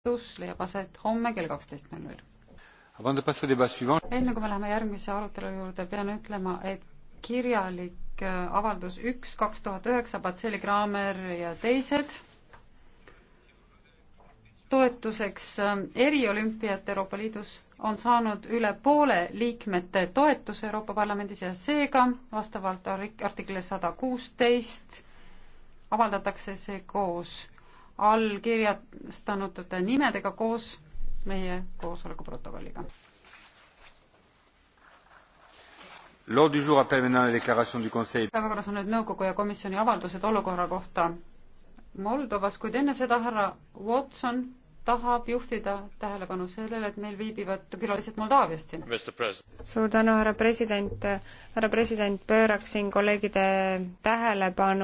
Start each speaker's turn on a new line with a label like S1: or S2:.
S1: hääletus leiab aset homme kell kaksteist null null. enne kui me läheme järgmise arutelu juurde, pean ütlema, et kirjalik äh, avaldus üks kaks tuhat üheksa, Patseli Kraamer ja teised, toetuseks äh, eriolümpiat Euroopa Liidus on saanud üle poole liikmete toetuse Euroopa Parlamendis ja seega vastavalt artiklile sada kuusteist avaldatakse see koos allkirjastanud nimedega koos meie koosoleku protokolliga. päevakorras on nüüd nõukogu ja komisjoni avaldused olukorra kohta Moldovas, kuid enne seda härra Watson tahab juhtida tähelepanu sellele, et meil viibivad külalised Moldaviast siin. suur tänu, härra president. härra president, pööraksin kolleegide tähelepanu